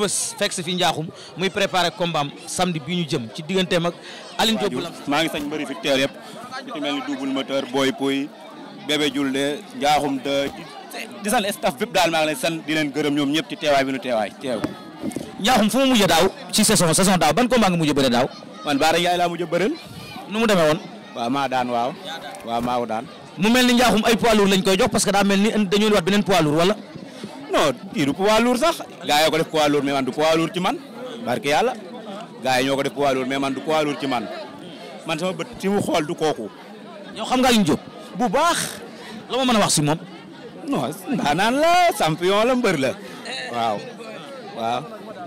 rëbës fekk si fi njaaxum muy préparé combat am samedi bi ñu jëm ci digganteem ak Aline Diop la maa ngi sañ mbëri fi teew yëpp ku ci mel ni double moteur booy puy bébé julde de di sant staff bépp daal maa ngi leen gërëm ñoom ñëpp teewaay bi nu teewaay teew njaaxum fu mu mujj daaw ci saison saison daaw ban combat nga mujj bëre daaw man Baara Ndiaye laa mujj bëreel nu mu demee woon waaw maa daan waaw waaw maa daan mu mel ni njaaxum ay poids lourd lañ koy jox parce que daa non kii du poids sax gars yi ko def poids lourd mais man du poids ci man barke yàlla gars yi ñoo ko def poids lourd mais man du poids lourd ci man man sama bët ci mu xool du kooku. ñoo xam nga Alioune Diop bu baax loo ma mën a wax si moom. non ndaanaan la champion la mbër la waaw waaw.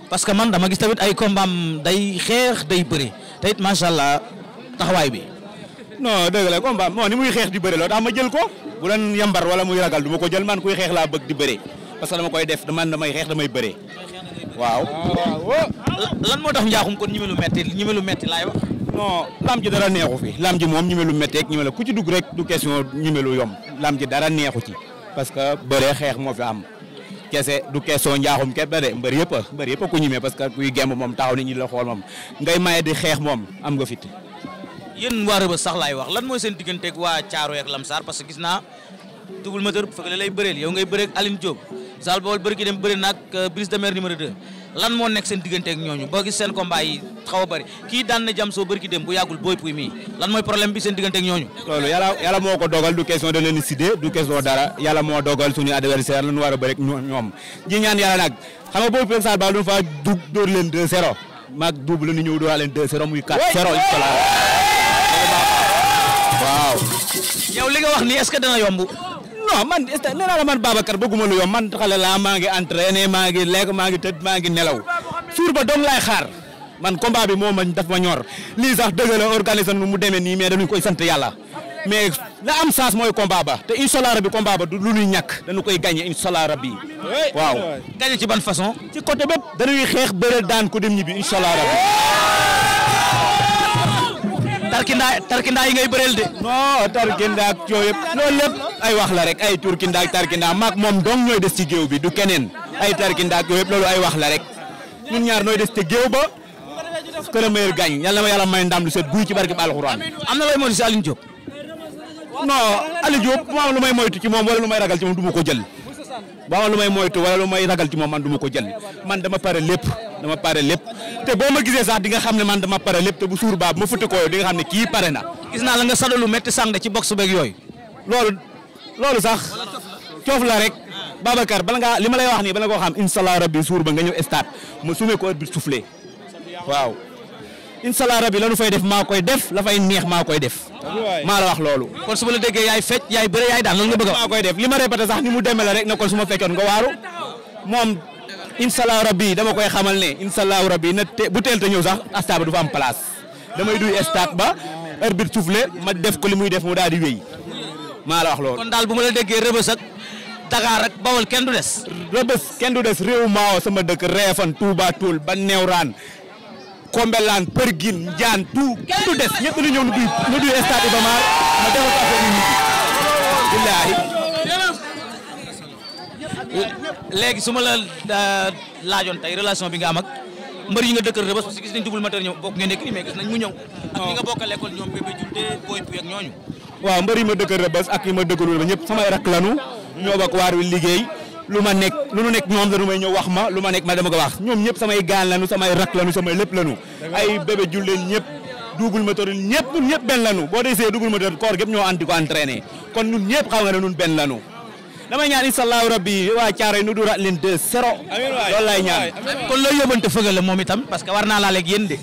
parce que man dama gis tamit ay kombaam day xeex day bëri te it macha taxawaay bi. non dëgg la moo ni muy xeex di bëri loo tax ma jël ko bu leen yambar wala muy ragal du ma ko jël man kuy xeex laa bëgg di bëri. parce que dama koy def man damay xeex damay bëree. waaw. lan moo tax njaaxum kon ñime lu metti ñime lu metti wax. non lam ji dara neexu fi lam ji moom ñime lu metti ak ku ci dugg rek du question ñime lu yomb lam ji dara neexu ci parce que bëree xeex moo fi am. kese du question njaaxum képp la de mbër yëpp a mbër yëpp ko ñime parce que kuy gemb moom taxaw nit ñi la xool moom ngay maye di xeex moom am nga fit. yën waa Rëbës sax laay wax lan mooy seen digganteeg waa Caaroy ak Lamsaar parce que gis naa double moteur lay bëreel yow ngay bëreel Aline Diop. Zal Baol bëri ki dem bëri nag brise de mer numéro 2 lan moo nekk seen diggante ak ñooñu boo gis seen combat yi xaw a kii daan na jam soo bëri dem bu yàggul booy puy mii lan mooy problème bi seen diggante ñooñu yàlla moo ko dogal du question de leen sidé du question dara yàlla moo dogal suñu adversaire lañu war a bëri ñoom ñi ñaan yàlla nag xam booy puy Zal Baol duñu faa dug dóor leen 2 0 maag double la ñu ñëw dóor leen 2 0 muy 4 0 waaw yow li nga wax ni non man est nee naa la man Babacar bëgguma lu yomb man xale laa maa ngi entraîné lekk maa tëdd maa nelaw suur ba doom laay xaar man combat bi moo ma ma ñor lii sax dëgg la nu mu demee nii mais dañu koy sant yàlla mais la am chance mooy combat ba te incha allah rabi combat ba du lu ñuy ñàkk dañu koy gagné incha allah rabi waaw. gagné ci ban façon. ci côté bépp dañuy xeex bëre daan ko dem ñibbi incha allah tarkindaa tarkindaa yi ngay bëreel de. non tarkindaa ak coow yëpp ay wax la rek ay turkindaa ak tarkindaa maak moom dong ñooy des ci géew bi du keneen ay tarkindaa ak yooyu yëpp loolu ay wax la rek ñun ñaar nooy des te géew ba que le meilleur gagne yal na ma yàlla may ndam lu set guy ci barke alxuraan. am na looy moytu si Aliou Diop. non Aliou Diop bu ma lu may moytu ci moom wala lu may ragal ci moom du ma ko jël. bu lu may moytu wala lu may ragal ci moom man du ma ko jël man dama pare lépp. dama pare lépp te boo ma gisee sax di nga xam ne man dama pare lépp te bu suur baa ma fëtte koo yow di xam ne kii pare na. gis naa la nga sadalu métti sànq ci box beeg yooyu. loolu sax coof la rek Babacar bala ngaa li lay wax nii bala nga koo xam incha allah rabbi suur ba nga ñëw stade ma sumee ko arbitre soufflé waaw. incha allah rabi la nu fay def maa koy def la fay neex maa koy def. maa la wax loolu. kon su ma la déggee yaay fecc yaay bëre yaay daan loolu nga bëgg a wax. incha allahu rabbi dama koy xamal ne incha rabbi na te bu teel te ñëw sax stade ba du fa am damay duy stade ba arbitre soufflé ma def ko li muy def mu daal di wéy maa la wax loolu. kon daal bu ma la déggee rëbës ak Dakar ak Bawol kenn du des. rëbës kenn du des réew maaw sama dëkk Réfane Touba Toul ba Néewraan Kombelaan Pergin Njaan tout kenn du des ñëw nu duy nu duy stade Iba Mar ma defal ko affaire léegi su ma la euh, laajoon tey relation bi nga am ak mbër yi nga dëkkal rëbës parce que gis nañ double moteur ñëw bokk ngeen nekk nii mais gis nañ mu ñëw ak ñi nga bokkal école ñoom bébé julde booy puy ak ñooñu waaw mbër yi ma dëkkal rëbës ak yi ma dëkkalul ba ñëpp samay rak lanu ñoo bokk waar wi liggéey lu ma nekk lu nu nekk ñoom dañu may ñëw wax ma lu ma nekk ma dama ko wax ñoom ñëpp samay gaan lanu samay rak lanu samay lépp lanu ay bébé julde ñëpp double moteur ñun ñëpp ñun ñëpp benn lanu boo dee see double moteur koor gépp ñoo andi ko entraîné kon ñun ñëpp xam nga ne ñun benn lanu damay ñaan incha rabbi waa Thiaroye nu duraat leen deux zéro loolu laay ñaan kon loo yóbbante fëgale moom itam parce que war naa laaleeg yéen de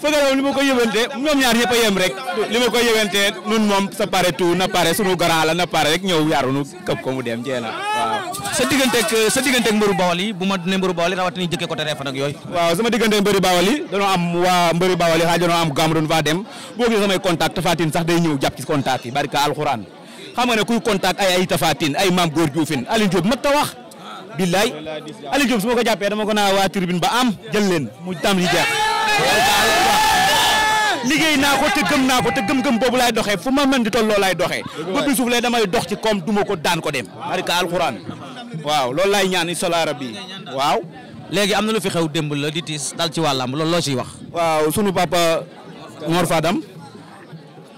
fëgale moom li ma ko yóbbante ñoom ñaar ñëpp a yem rek li ma koy yóbbante nun moom sa pare tout na pare sunu grand la na pare rek ñëw yaaru nu këpp ko mu dem jeena waaw sa digganteeg sa digganteeg mbëru bawal yi bu ma ne mbëru bawal yi rawatina jëkkee côté Refane ak yooyu waaw sama digganteeg mbëru bawal yi day ñëw jàpp ci contact yi barka alxuraan xam nga ne kuy contact ay ay tafaatin ay maam góor juufin Aliou Diop ta wax billaay Aliou su ma ko jàppee dama ko naa waa tribune ba am jël leen mu tam li jeex liggéey naa ko te gëm naa ko te gëm-gëm boobu laay doxee fu ma mën di toll loolu laay doxee ba suuf lay damay dox ci koom duma ko daan ko dem barka alxuraan waaw loolu laay ñaan inshallah rabbi waaw léegi am na lu fi xew démb la di tiis dal ci wàllam loolu loo ciy wax waaw sunu papa Mor Fadam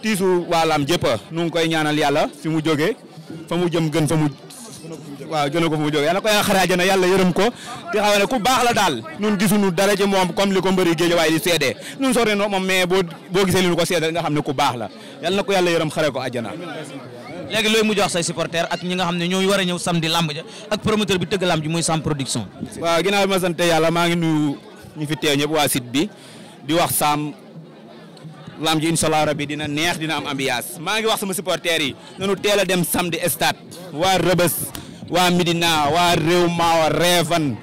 tiisu waa laam jëpp nu ngi koy ñaanal yàlla fi mu jógee fa mu jëm gën fa mu waaw a ko fa mu jógee yàlla ko yàlla xare àjjana yàlla yërëm ko te xam ku baax la daal nun gisuñu dara ci moom comme li ko mbëri géej waaye di seede nun sori no ko seede nga xam ne ku baax la yàlla na ko yàlla yërëm xare ko àjjana léegi looy mujj wax say supporter ak ñi nga xam ne ñooy war a ñëw samedi lamb ja ak promoteur bi tëgg lamb ji muy Sam Production waaw ginnaaw bi ma sante yàlla maa ngi nuyu ñu fi teew waa site bi di lam ji incha allah dina neex dina am ambiance maa ngi wax sama supporters yi nanu teel a dem samedi stade waa Rëbës waa Midina waa réew maawa reefan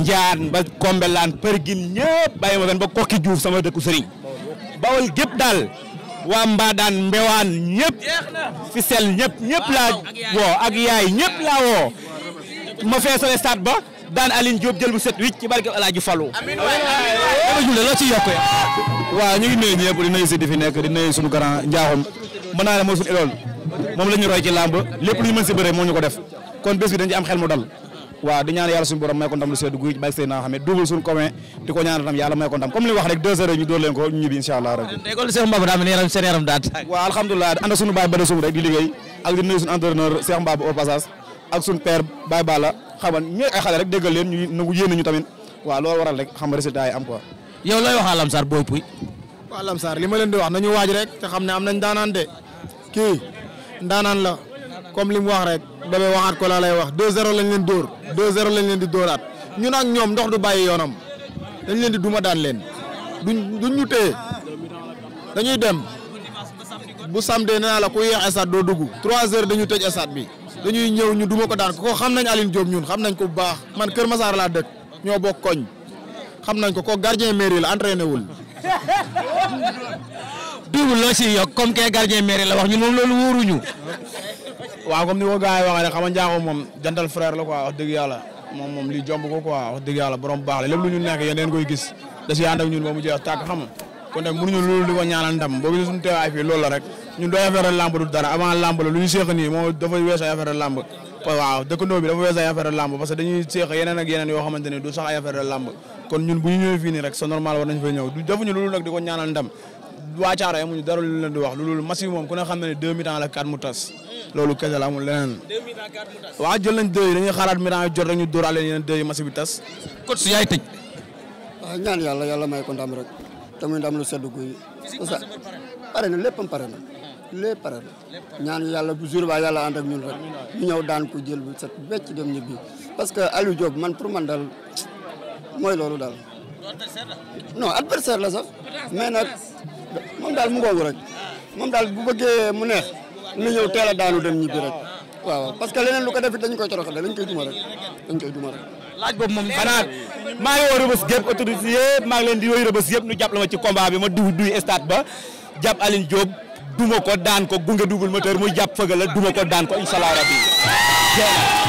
njaan ba kombelaan përgin ñëpp bàyyi ma fen ba kokki juuf sama dëkku sëriñ bawol gépp daal waa mbaadaan mbewaan ñëpp fi sel ñëpp laa woo ak yaay ñëpp laa woo ma feesal stade ba daan Aline Diop jël bu set wicc ci barke El Hadj Fallou. amiin waay amiin waay loo ciy yokk waaw ñu ngi nuyu ñëpp di nuyu si di nekk di nuyu suñu grand njaaxum mën naa ne mooy suñu moom la roy ci làmb lépp lu ñu mën si bëree moo ñu ko def kon bés bi dañ ci am xel mu dal. waaw di ñaan yàlla suñu borom may ko ndam lu guy bàyyi seen naa xam ne duubal suñu di ñu ñu ñibbi insha allah rek déggol Cheikh Mbaba ba da rek di liggéey ak di nuyu suñu entraîneur Cheikh xam nga ñooy ay xale rek déggal leen ñu nangu yéen ñu tamit waaw loolu waral rek xam nga résultat yi am quoi. yow lay wax Lamsar Boy Pouye. waaw Lamsar li ma leen di wax nañu waaj rek te xam ne am nañ daanaan de kii daanaan la comme li mu wax rek damay waxaat ko laa lay wax 2-0 lañ leen dóor 2-0 lañ leen di dóoraat ñun ak ñoom ndox du bàyyi yoonam dañ leen di duma daan leen du duñ ñu téye dañuy dem bu samdee na naa la ku yéex stade doo dugg trois heures dañu tëj stade bi. dañuy ñëw ñu duma ko daan ko xam nañ Aline Diop ñun xam nañ ko bu baax man Kër Masaar laa dëkk ñoo bokk koñ xam nañ ko ko gardien mairie la entraîné wul. duubul loo siy yokk comme que gardien mairie la wax ñun moom loolu ñu waaw comme ni ko gars yi waxee rek xam nga Ndiakhoum moom jantal frère la quoi wax dëgg yàlla moom moom li jomb ko quoi wax dëgg yàlla borom baax la lépp lu ñun nekk yéen koy gis da siy ànd ak ñun ba mu jeex tàkk xam nga kon tamit mënuñu loolu di ko ñaanal ndam boobu suñu teewaay fii loolu rek ñun doo affaire làmb du dara avant làmb lu ñu seeq nii moom dafa wees ay affaire làmb waaw dëkkandoo bi dafa wees ay affaire làmb parce que dañuy seeq yeneen ak yeneen yoo xamante ne du sax ay affaire làmb kon ñun bu ñu ñëwee fii nii rek c'est normal war nañ fa ñëw du defuñu loolu nag di ko ñaanal ndam dara lu leen di moom ku ne xam ne ne deux mi-temps la quatre mu tas loolu la amul leneen waaw jël nañ deux yi dañuy xaaraat mi-temps yi jot rek ñu dóoraale te muy ndam lu sedd guy. parce que pare na léppam pare na. lépp pare na ñaan yàlla bu jour baa yàlla ànd ak ñun rek ñu ñëw daan ko jël bu set becc dem ñibbi parce que Aliou Diop man pour man daal mooy loolu daal. non adversaire la sax mais nag moom daal mu ngoogu rek moom daal bu bëggee mu neex lu ñëw teel a daanu dem ñibbi rek waaw parce que leneen lu ko def it dañu koy toroxal dañ koy duma rek dañ koy duma rek. laaj boobu moom xanaa maa ngi woo rëbës gépp autorité yëpp maa ngi leen di wooyu rëbës yëpp ñu jàppale ma ci combat bi ma duy duy stade ba jàpp Aline Diop duma ko daan ko gunge double moteur muy jàpp fëgal la duma ko daan ko incha rabbi